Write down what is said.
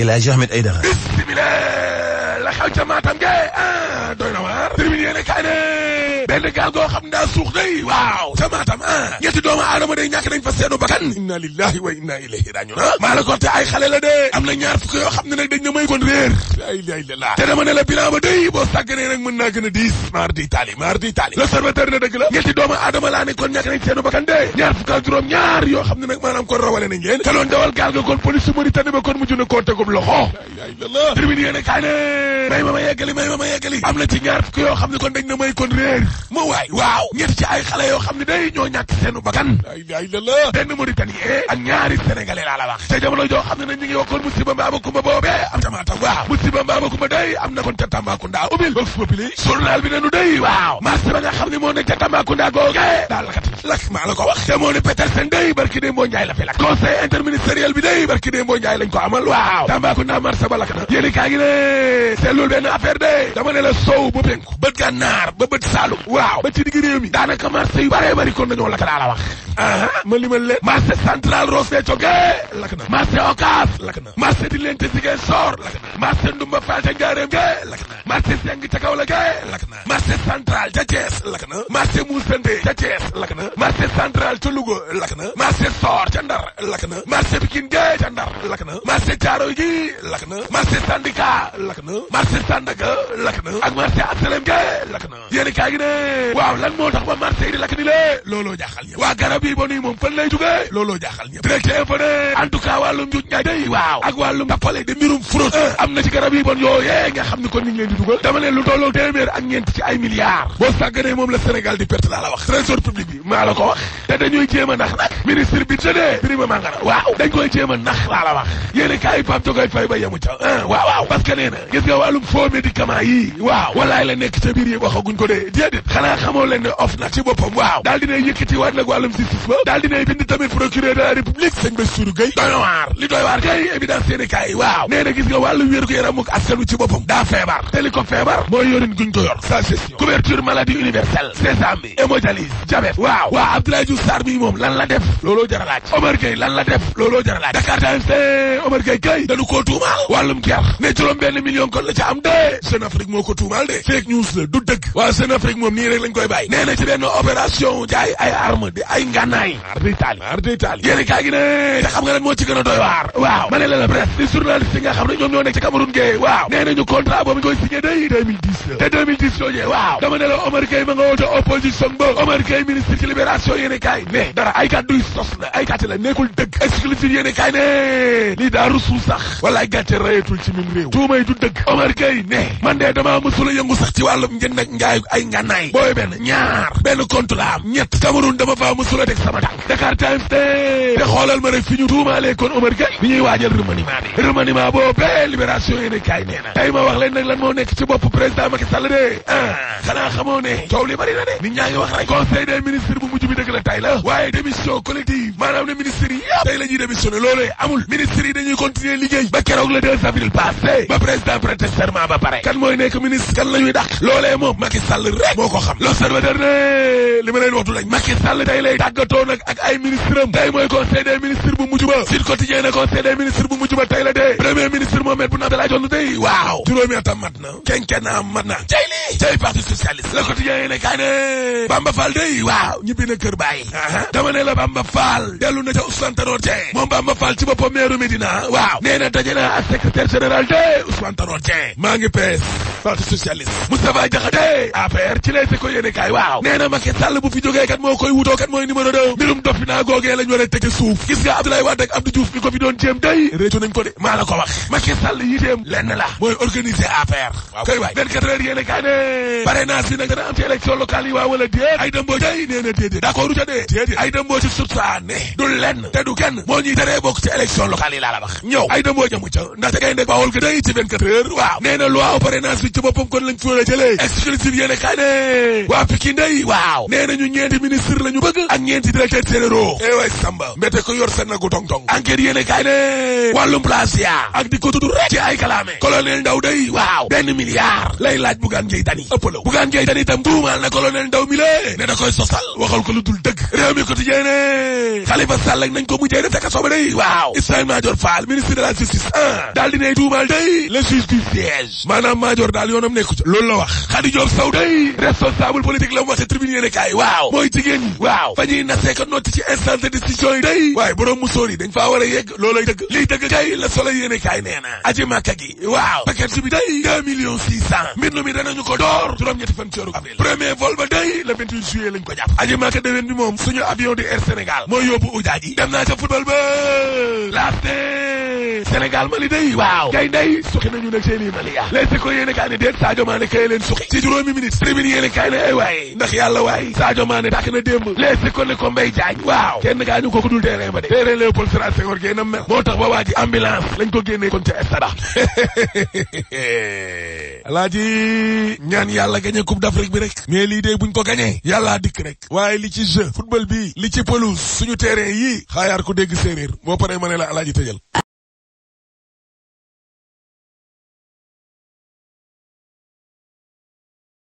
El Hadji Ahmed Aidara a xew ca Matam ge ah doy na waar terminé yéene kaay ne benn gaal goo xam daa suux day waaw ca Matam ah ñetti doomu aadama day ñàkk nañ fa seenu bakkan inna lillahi wa inna ilayhi rajiun ah, maa la ko te ay xale la de am na ñaar fukk yoo xam ne nag dañ na may kon réer la ilaha illallah te dama ne la bilan ba day boo sàgganee nag mën naa gën a diis mardi tali mardi tali l'observateur ne dëgg la ñetti doomu aadama laa ne kon ñàkk nañ seenu bakkan de ñaar fukk ak juróom ñaar yoo xam ne nag maanaam kon rawale nañ leen te loon dawal gaal ga kon police su Mauritanie ba kon mujj na koo tegub loxo la ilaha illallah terminé yéene kaay ne may ma ma yeggali may ma ma yeggali am na ci ñaar fukk yoo xam ne kon dañ na may kon réer ma waay waaw ñett ci ay xale yoo xam ne day ñoo ñàkk seenu bakkan ay laay la la benn Mauritanien eh, ak ñaari sénégalais laa la wax te jamono joo xam ne na ñu ngi yokkoon musiba mbaama kumba boobee am tamaata waaw musiba mbaama kumba day am na kon ca Tambacounda ubbil vox populi bi nenu day waaw marché nga xam ne moo nekk ca Tambacounda googe daa lakati lakk maa ko wax seetlul benn a de dama ne la sow ba penku bët gànnaar ba bët saalum waaw ba ci digg réew mi daanaka marché yu baree bari kon dañoo lakk laa la wax aha ma limal leen marché central Ross Béthio ge lakk na marché Ocass lakk na marché di lente Ziguinchor lakk na marché Ndumba Fall ca Njaareem ge lakk na marché Seng ca Kaolack ge lakk na marché central ca Thiès lakk na marché Moussante ca Thiès lakk na Ndar lakk na marché Pikine ca Ndar lakk na marché Thiaroye gi lakk na Sandika lakk marché Sandaga lakk na ak marché HLM Guèye lakk na yéen kaay gi ne waaw lan moo tax ba marché yi di lakk ni looloo jaaxal ñëpp yi bon yi moom fan lay jugee looloo jaaxal ñëpp directeur fa ne en tout cas wàllum njuuj njaaj day waaw ak wàllum tappale de mbirum fraude eh, am na ci garab yi bon yooyee nga xam ni kon ni ngeen di dugal dama ne lu tolloo téeméer ak ñeent ci ay milliards boo sàgganee a waaw dañ koy jéem a eh, waaw wàllum faux médicament yi waaw walaay la nekk ca biir yi waxaguñ ko dee déedéet xanaa xamoo leen ne of nag ci boppam waaw daal dinay yëkkati waat nag wàllum justice ba daal dinay bind tamit procureur de la république sëñ ba suru gay doy waar li doy waar kay évidence seen kaay daa feebar te feebar mooy yorin guñ ko yor sans gestion couverture maladie universelle sésame hémodialyse diabète waaw waa Abdoulaye Diouf Sarr mi moom lan def looloo jar a Omar Gueye lan def looloo jar a Dakar Times Omar Gueye ca am de Jeune Afrique moo ko moom nii rek lañ koy bàyyi nee ci benn opération jaay ay arme di ay ngànnaay ar di taali ar di taali yéeni kaa nga lan moo ci gën a doy waar waaw ma ne la la presse di journaliste yi nga xam ne ñoom ñoo nekk ci Cameroun gee waaw nee nañu contrat boobu ñu koy signé day 2010 te 2010 yooyee waaw dama ne ma nga woote opposition ba Omar Gueye ministre ci kaay ne dara ay kàdduy sos la ay kàtti la nekkul dëgg exclusif yéeni kaay ne lii man de damaa mësula yëngu sax ci wàllum njënd ak ay ngànnaay booy benn ñaar benn compte la am ñett Cameroun dama faa mësula teg sama tànk Dakar Times te xoolal ma rek fi ñu tuumaalee kon Omar Gueye bi ñuy waajal remaniement bi remaniement boobee libération yéen a kaay nee na tey ma wax leen nag lan moo nekk ci bopp président Macky Sall de ah xanaa xamoo ne coow li bari na de nit ñaa ngi wax rek conseil des ministres bu mujj bi la tey la waaye démission collective serment ba pare kan mooy nekk ministre kan la ñuy dàq loolee moom Macky Sall rek moo ko xam l'observateur ne li ma leen waxtu lañ Macky Sall tey lay tàggatoo nag ak ay ministre am tey mooy conseil des ministres bu mujj ba Sud Quotidien ne conseil des ministres bu mujj ba tey la dee premier ministre Mahammed Boun Abdallah Dionne tey waaw juróomi atam mat na quinquennat mat na tey lii tey parti socialiste le quotidien yi ne kaa Bamba Fall day waaw ñibbi na kër bàyyi dama ne Quotidien maa ngi PS parti socialiste Moustapha Diakhaté APR ci Les Échos yéene kaay waaw nee na Macky Sall bu fi jógee kat moo koy wutoo kat mooy numéro deux mbirum doppi naa googee lañ war a teg suuf gis nga Abdoulaye Wade ak Abdou Diouf mi ko fi doon jéem day réccu nañ ko de maa la ko wax Macky Sall yiteem lenn la mooy organiser APR waaw waay 24 heures yéene kaay ne parrainage bi ci élection locale yi waa wala déet ay dëmboo day nee na déedéet d'accord dee déedéet waaw nee na loi parrainage bi ci boppam kon lañ fóor a jëlee exclusive yéene kay ne waa Pikine day waaw nee na ñu ñeenti ministre la ñu bëgg ak ñeenti a généraux eh way Samba mbete ko yor sa nagu tong-tong enquête yéene kay ne wàllum plasia ak di ko tudd rek ci ay kalaame colonel Ndaw day waaw benn milliard lay laaj Bougane Gueye a ëppalaw Bougane Gueye Dany tuumaal na colonel Ndaw mi lée ne da koy sosal waxal ko lu dul dëgg réew mi quotidien ne ko mujjee def ca kaso ba day waaw Ismaïla Madior Fall ministre de piège maanaam maajoor daal yoonam nekku ca loolu la wax Khady Diop Sow day responsable politique la mu waxe tribune yéene kaay waaw mooy jigéen ñi waaw fa ñuy nasee ko notti ci instance de décision yi day waaye borom musóor yi dañ faa war a yegg loolay dëgg liy dëgg kay la solo yéene kaay nee aji màkka gi waaw paquet bi day deux millions six cent mbir mi danañu ko door juróom-ñetti fan ci weeru avril premier vol day le 28 juillet ko jàpp aji màkka déwén Sénégal Mali day waaw gay day suqi nañu nag seen Mali ya ah. les ko yéene kaay ne déet Sadio Mané kay leen suqi ci juróomi minutes tribune yéene kaay ne ay eh, waay ndax yàlla waay Sadio Mané tàkk na démb les ko ne ko mbay jaaj waaw kenn gaa ñu ko ko dul terrain ba de terrain Léopold Sédar Senghor gén na moo tax ba waa ji ambulance lañ ko génnee kon ca stade ah. alaaji ñaan yàlla gañe coupe d'Afrique bi rek mais lii dee buñ ko gañee yàllaa dikk rek waaye li ci jeu bi li ci pelouse suñu terrain yii xaayaar ku dégg boo ma ne la alaaji